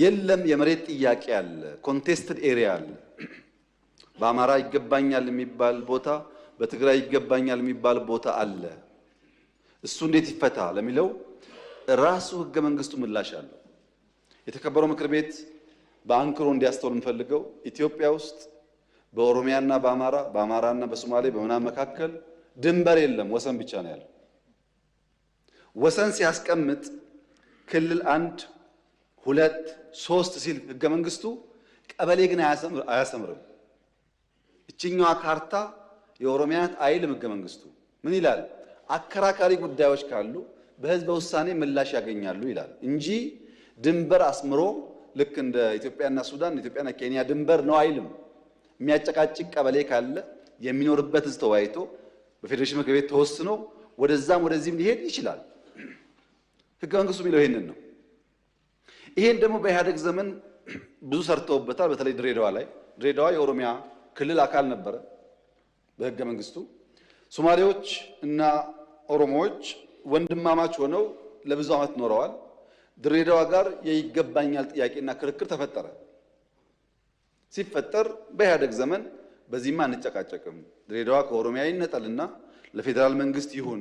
የለም የመሬት ጥያቄ አለ፣ ኮንቴስትድ ኤሪያ አለ። በአማራ ይገባኛል የሚባል ቦታ፣ በትግራይ ይገባኛል የሚባል ቦታ አለ። እሱ እንዴት ይፈታ ለሚለው ራሱ ህገ መንግስቱ ምላሽ አለው። የተከበረው ምክር ቤት በአንክሮ እንዲያስተውል የምፈልገው ኢትዮጵያ ውስጥ በኦሮሚያና በአማራ በአማራና በሶማሌ በምናምን መካከል ድንበር የለም፣ ወሰን ብቻ ነው ያለው። ወሰን ሲያስቀምጥ ክልል አንድ ሁለት ሶስት ሲል ህገ መንግስቱ ቀበሌ ግን አያሰምርም። እችኛዋ ካርታ የኦሮሚያት አይልም ህገ መንግስቱ ምን ይላል? አከራካሪ ጉዳዮች ካሉ በህዝበ ውሳኔ ምላሽ ያገኛሉ ይላል እንጂ ድንበር አስምሮ ልክ እንደ ኢትዮጵያና ሱዳን ኢትዮጵያና ኬንያ ድንበር ነው አይልም። የሚያጨቃጭቅ ቀበሌ ካለ የሚኖርበት ህዝብ ተወያይቶ በፌዴሬሽን ምክር ቤት ተወስኖ ወደዛም ወደዚህም ሊሄድ ይችላል። ህገ መንግስቱ የሚለው ይሄንን ነው። ይሄን ደግሞ በኢህአደግ ዘመን ብዙ ሰርተውበታል። በተለይ ድሬዳዋ ላይ ድሬዳዋ የኦሮሚያ ክልል አካል ነበረ በህገ መንግስቱ። ሶማሌዎች እና ኦሮሞዎች ወንድማማች ሆነው ለብዙ ዓመት ኖረዋል። ድሬዳዋ ጋር የይገባኛል ጥያቄና ክርክር ተፈጠረ። ሲፈጠር በኢህአደግ ዘመን በዚህማ አንጨቃጨቅም፣ ድሬዳዋ ከኦሮሚያ ይነጠልና ለፌዴራል መንግስት ይሁን፣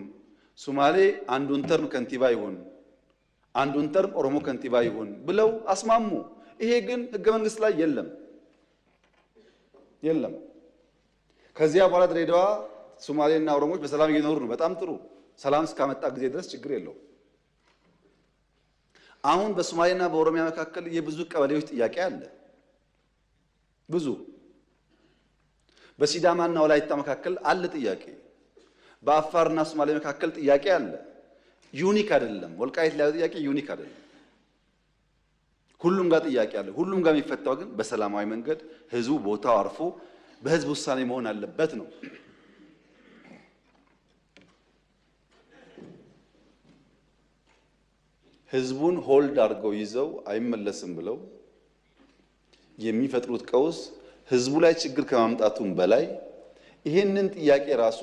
ሶማሌ አንዱን ተርም ከንቲባ ይሁን አንዱን ተርም ኦሮሞ ከንቲባ ይሁን ብለው አስማሙ። ይሄ ግን ህገ መንግስት ላይ የለም የለም። ከዚያ በኋላ ድሬዳዋ ሶማሌና ኦሮሞዎች በሰላም እየኖሩ ነው። በጣም ጥሩ። ሰላም እስካመጣ ጊዜ ድረስ ችግር የለው። አሁን በሶማሌና በኦሮሚያ መካከል የብዙ ቀበሌዎች ጥያቄ አለ። ብዙ በሲዳማና ወላይታ መካከል አለ ጥያቄ። በአፋርና ሶማሌ መካከል ጥያቄ አለ። ዩኒክ አይደለም። ወልቃይት ላይ ጥያቄ ዩኒክ አይደለም። ሁሉም ጋር ጥያቄ አለ። ሁሉም ጋር የሚፈታው ግን በሰላማዊ መንገድ ህዝቡ ቦታው አርፎ በህዝብ ውሳኔ መሆን አለበት ነው። ህዝቡን ሆልድ አድርገው ይዘው አይመለስም ብለው የሚፈጥሩት ቀውስ ህዝቡ ላይ ችግር ከማምጣቱም በላይ ይሄንን ጥያቄ ራሱ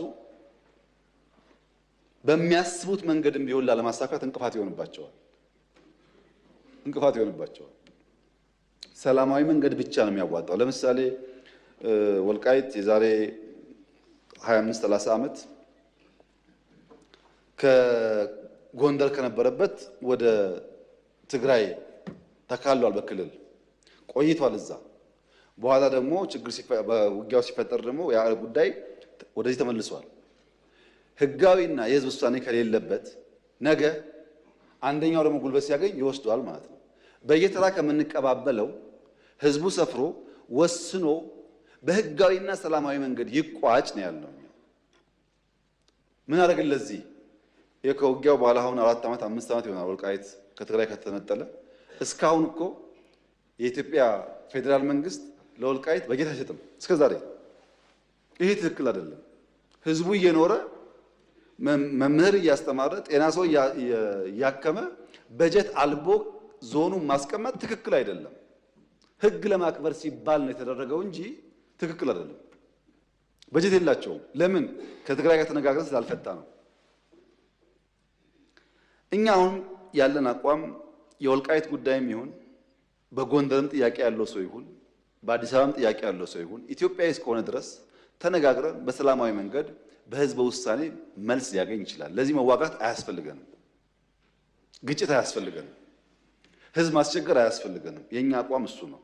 በሚያስቡት መንገድም ቢሆን ላለማሳካት እንቅፋት ይሆንባቸዋል እንቅፋት ይሆንባቸዋል። ሰላማዊ መንገድ ብቻ ነው የሚያዋጣው። ለምሳሌ ወልቃይት የዛሬ 25 30 ዓመት ከጎንደር ከነበረበት ወደ ትግራይ ተካሏል። በክልል ቆይቷል እዛ። በኋላ ደግሞ ችግር ውጊያው ሲፈጠር ደግሞ ያ ጉዳይ ወደዚህ ተመልሷል። ህጋዊና የህዝብ ውሳኔ ከሌለበት ነገ አንደኛው ደግሞ ጉልበት ሲያገኝ ይወስዷል ማለት ነው። በየተራ ከምንቀባበለው ህዝቡ ሰፍሮ ወስኖ በህጋዊና ሰላማዊ መንገድ ይቋጭ ነው ያለው። ምን አደረግን ለዚህ ከውጊያው በኋላ አሁን አራት ዓመት አምስት ዓመት ይሆናል ወልቃይት ከትግራይ ከተነጠለ። እስካሁን እኮ የኢትዮጵያ ፌዴራል መንግስት ለወልቃይት በጌታ አይሰጥም እስከ ዛሬ። ይሄ ትክክል አይደለም። ህዝቡ እየኖረ መምህር እያስተማረ ጤና ሰው እያከመ በጀት አልቦ ዞኑን ማስቀመጥ ትክክል አይደለም። ህግ ለማክበር ሲባል ነው የተደረገው እንጂ ትክክል አይደለም። በጀት የላቸውም። ለምን? ከትግራይ ጋር ተነጋግረን ስላልፈታ ነው። እኛ አሁን ያለን አቋም የወልቃይት ጉዳይም ይሁን በጎንደርም ጥያቄ ያለው ሰው ይሁን በአዲስ አበባም ጥያቄ ያለው ሰው ይሁን ኢትዮጵያዊ እስከሆነ ድረስ ተነጋግረን በሰላማዊ መንገድ በህዝበ ውሳኔ መልስ ሊያገኝ ይችላል። ለዚህ መዋጋት አያስፈልገንም፣ ግጭት አያስፈልገንም፣ ህዝብ ማስቸገር አያስፈልገንም። የእኛ አቋም እሱ ነው።